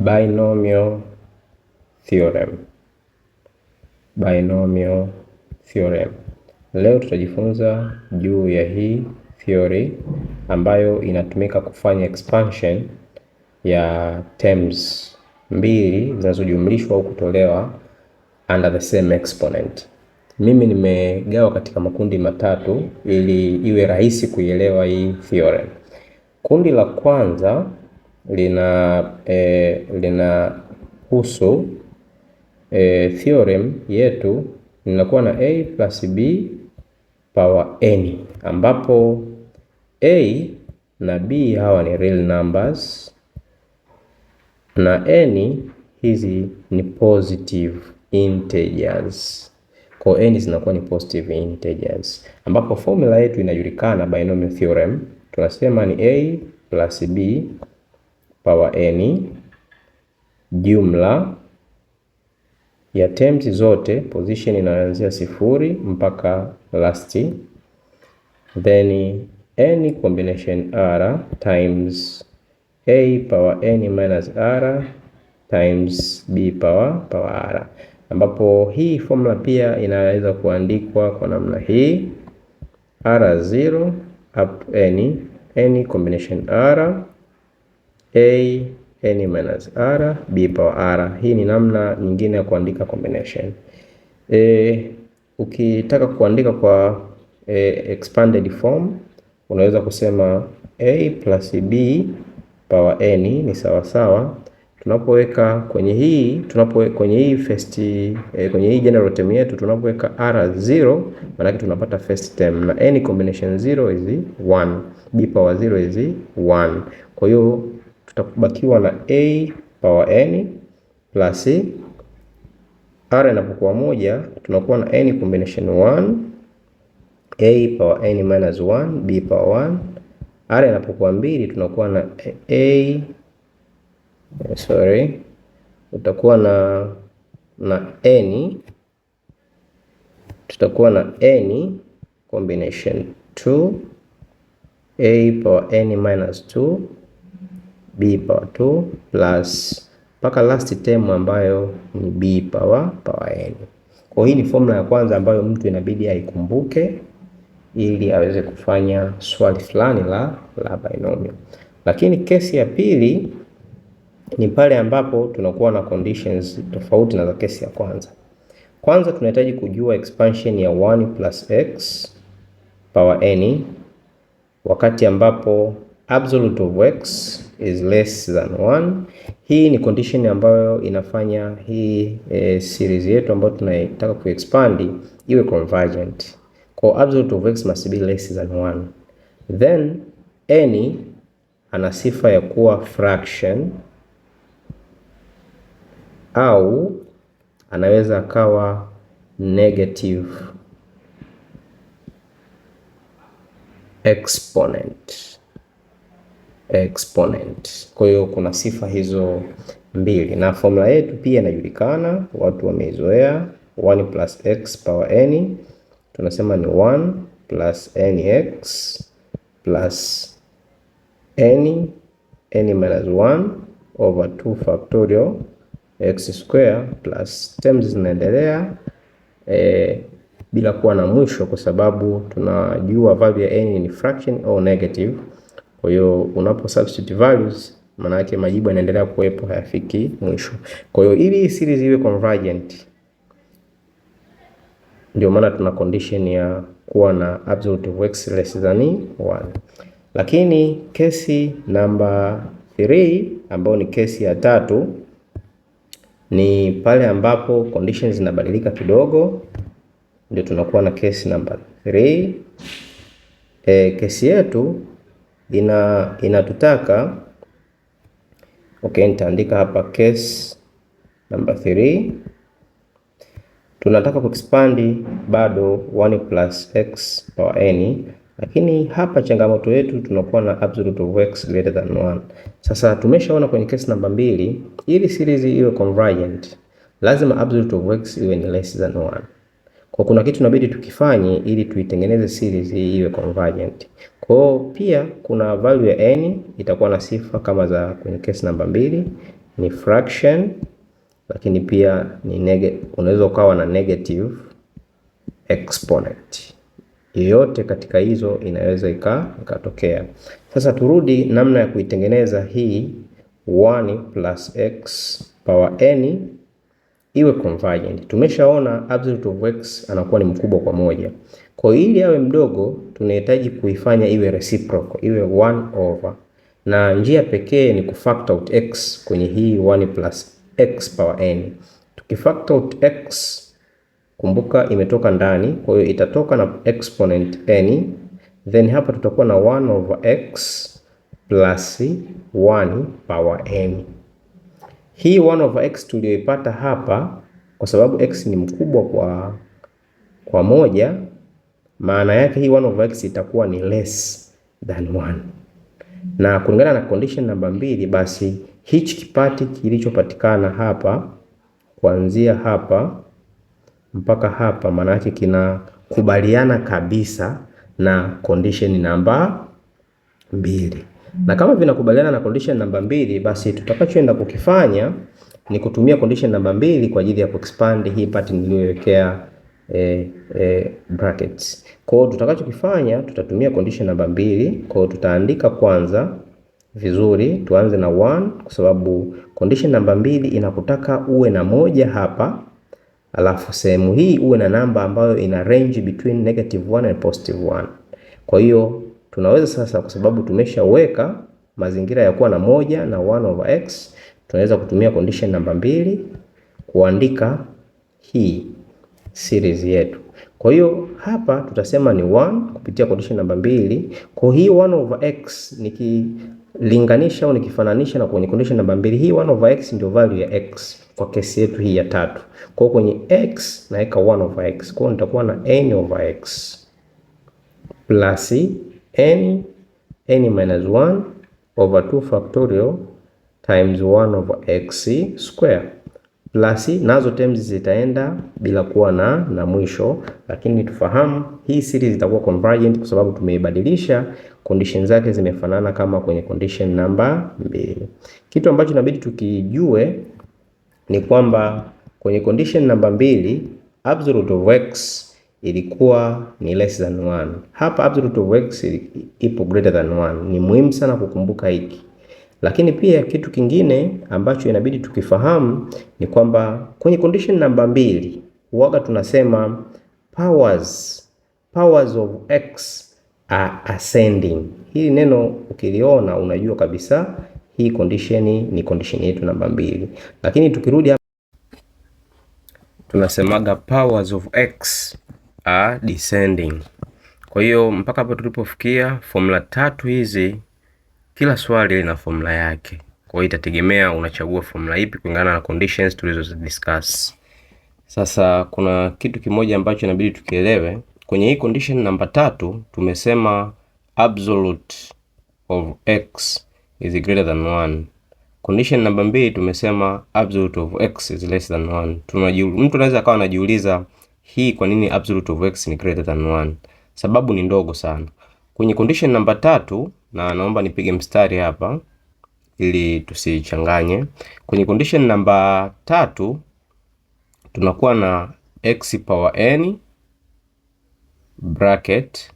Binomial theorem. Binomial theorem. Leo tutajifunza juu ya hii theory ambayo inatumika kufanya expansion ya terms mbili zinazojumlishwa au kutolewa under the same exponent. Mimi nimegawa katika makundi matatu ili iwe rahisi kuielewa hii theorem. Kundi la kwanza lina e, linahusu e, theorem yetu linakuwa na a plus b power n, ambapo a na b hawa ni real numbers na n hizi ni positive integers. Kwa n zinakuwa ni positive integers, ambapo formula yetu inajulikana binomial theorem, tunasema ni a plus b power n jumla ya terms zote, position inaanzia sifuri mpaka last then n combination r times a power n minus r times b power power r, ambapo hii formula pia inaweza kuandikwa kwa namna hii r0 up n n combination r a n minus r b power r. Hii ni namna nyingine ya kuandika combination. E, ukitaka kuandika kwa e, expanded form unaweza kusema a plus b power n ni sawa sawa. tunapoweka kwenye hii tunapo kwenye hii first e, kwenye hii general term yetu tunapoweka r 0 maana yake tunapata first term na n combination 0 is 1, b power 0 is 1. Kwa hiyo tutabakiwa na a power n plus c. r inapokuwa moja tunakuwa na n combination 1 a power n minus 1 b power 1 r inapokuwa mbili tunakuwa na a sorry, utakuwa na na n tutakuwa na n combination 2 a power n minus 2 b power 2 plus mpaka last term ambayo ni b power power n. Kwa hii ni formula ya kwanza ambayo mtu inabidi aikumbuke ili aweze kufanya swali fulani la la binomial. Lakini kesi ya pili ni pale ambapo tunakuwa na conditions tofauti na za kesi ya kwanza. Kwanza tunahitaji kujua expansion ya 1 plus x power n wakati ambapo absolute of x is less than 1. Hii ni condition ambayo inafanya hii e, series yetu ambayo tunataka kuexpand iwe convergent. Kwa absolute of x must be less than 1. Then any ana sifa ya kuwa fraction au anaweza akawa negative exponent exponent. Kwa hiyo kuna sifa hizo mbili, na formula yetu pia inajulikana, watu wameizoea 1 plus x power n, tunasema ni 1 plus nx plus n n minus 1 over 2 factorial x square plus terms zinaendelea e, bila kuwa na mwisho, kwa sababu tunajua value ya n ni fraction au negative kwa hiyo unapo substitute values, maana yake majibu yanaendelea kuwepo, hayafiki mwisho. Kwa hiyo ili series iwe convergent, ndio maana tuna condition ya kuwa na absolute of x less than 1. Lakini kesi namba 3 ambayo ni kesi ya tatu ni pale ambapo conditions zinabadilika kidogo, ndio tunakuwa na kesi namba 3. E, kesi yetu ina inatutaka okay, nitaandika hapa case number 3 tunataka kuexpandi bado 1 plus x power n, lakini hapa changamoto yetu tunakuwa na absolute of x greater than 1. Sasa tumeshaona kwenye case namba mbili, ili series iwe convergent lazima absolute of x iwe ni less than 1. Kwa kuna kitu inabidi tukifanye ili tuitengeneze series hii iwe convergent. Kwa pia kuna value ya n itakuwa na sifa kama za kwenye case namba mbili ni fraction, lakini pia ni unaweza ukawa na negative exponent yoyote katika hizo inaweza ikatokea. Sasa turudi namna ya kuitengeneza hii 1 plus x power n iwe convergent. Tumeshaona absolute of x anakuwa ni mkubwa kwa moja. Kwa ili awe mdogo tunahitaji kuifanya iwe reciprocal, iwe 1 over, na njia pekee ni kufactor out x kwenye hii 1 plus x power n. Tukifactor out x, kumbuka imetoka ndani, kwa hiyo itatoka na exponent n, then hapa tutakuwa na 1 over x plus 1 power n. Hii 1 over x tuliyoipata hapa, kwa sababu x ni mkubwa kwa, kwa moja, maana yake hii 1 over x itakuwa ni less than 1 na kulingana na condition namba mbili, basi hichi kipati kilichopatikana hapa kuanzia hapa mpaka hapa, maana yake kinakubaliana kabisa na condition namba mbili na kama vinakubaliana na condition namba mbili, basi tutakachoenda kukifanya ni kutumia condition namba mbili kwa ajili ya kuexpand hii part niliyowekea E, eh, e, eh, brackets. Kwa hiyo tutakachokifanya tutatumia condition namba mbili. Kwa hiyo tutaandika kwanza vizuri, tuanze na one, kwa sababu condition namba mbili inakutaka uwe na moja hapa, alafu sehemu hii uwe na namba ambayo ina range between negative 1 and positive 1. Kwa hiyo tunaweza sasa, kwa sababu tumeshaweka mazingira ya kuwa na moja na 1 over x, tunaweza kutumia condition namba mbili kuandika hii series yetu. Kwa hiyo hapa tutasema ni 1 kupitia condition namba mbili. Kwa hii 1 over x nikilinganisha au nikifananisha na kwenye condition namba mbili, hii 1 over x ndio value ya x kwa kesi yetu hii ya tatu. Kwa hiyo kwenye x naweka 1 over x, kwa hiyo nitakuwa na n over x plus n n minus 1 over 2 factorial times 1 over x square plus nazo terms zitaenda bila kuwa na, na mwisho, lakini tufahamu hii series itakuwa convergent kwa sababu tumeibadilisha, condition zake zimefanana kama kwenye condition namba mbili. Kitu ambacho inabidi tukijue ni kwamba kwenye condition namba mbili absolute of x ilikuwa ni less than 1. Hapa absolute of x ipo greater than 1. Ni muhimu sana kukumbuka hiki, lakini pia kitu kingine ambacho inabidi tukifahamu ni kwamba kwenye condition namba mbili huwaga tunasema powers powers of x are ascending. Hili neno ukiliona unajua kabisa hii condition ni condition yetu namba mbili, lakini tukirudi hapa tunasemaga powers of x are descending. Kwa hiyo mpaka hapo tulipofikia, formula tatu hizi, kila swali lina formula yake. Kwa hiyo itategemea unachagua formula ipi kulingana na conditions tulizo discuss. Sasa kuna kitu kimoja ambacho inabidi tukielewe kwenye hii condition namba tatu, tumesema absolute of x is greater than 1. Condition namba mbili tumesema absolute of x is less than 1. Tunajiuliza, Mtu anaweza akawa anajiuliza hii kwa nini absolute of x ni greater than 1? Sababu ni ndogo sana. Kwenye condition namba tatu, na naomba nipige mstari hapa ili tusichanganye. Kwenye condition namba tatu tunakuwa na x power n bracket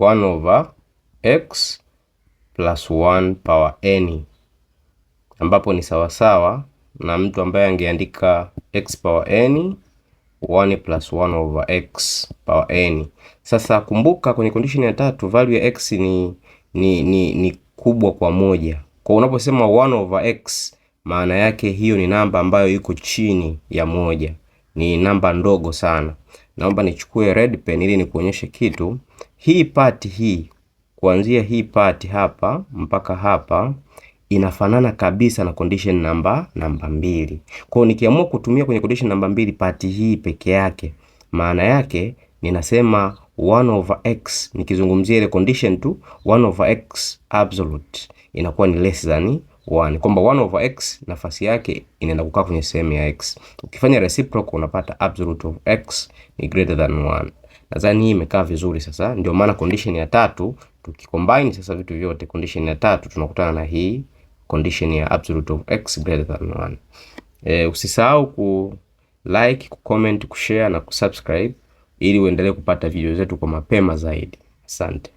1 over x plus 1 power n ambapo ni sawasawa na mtu ambaye angeandika x power n 1 plus 1 over x power n. Sasa kumbuka kwenye condition ya tatu value ya x ni, ni, ni, ni kubwa kwa moja. Kwa unaposema 1 over x maana yake hiyo ni namba ambayo iko chini ya moja, ni namba ndogo sana. Naomba nichukue red pen ili nikuonyeshe kitu. Hii part hii kuanzia hii part hapa mpaka hapa inafanana kabisa na condition namba namba mbili. Kwa hiyo nikiamua kutumia kwenye condition namba mbili pati hii peke yake, maana yake ninasema 1 over x, nikizungumzia ile condition tu 1 over x absolute inakuwa ni less than 1, kwamba 1 over x nafasi yake inaenda kukaa kwenye sehemu ya x. Ukifanya reciprocal unapata absolute of x ni greater than 1. Nadhani hii imekaa vizuri. Sasa ndio maana condition ya tatu tukicombine sasa vitu vyote, condition ya tatu tunakutana na hii condition ya absolute of x greater than 1. E, eh, usisahau ku like, ku comment, kushare na kusubscribe ili uendelee kupata video zetu kwa mapema zaidi. Asante.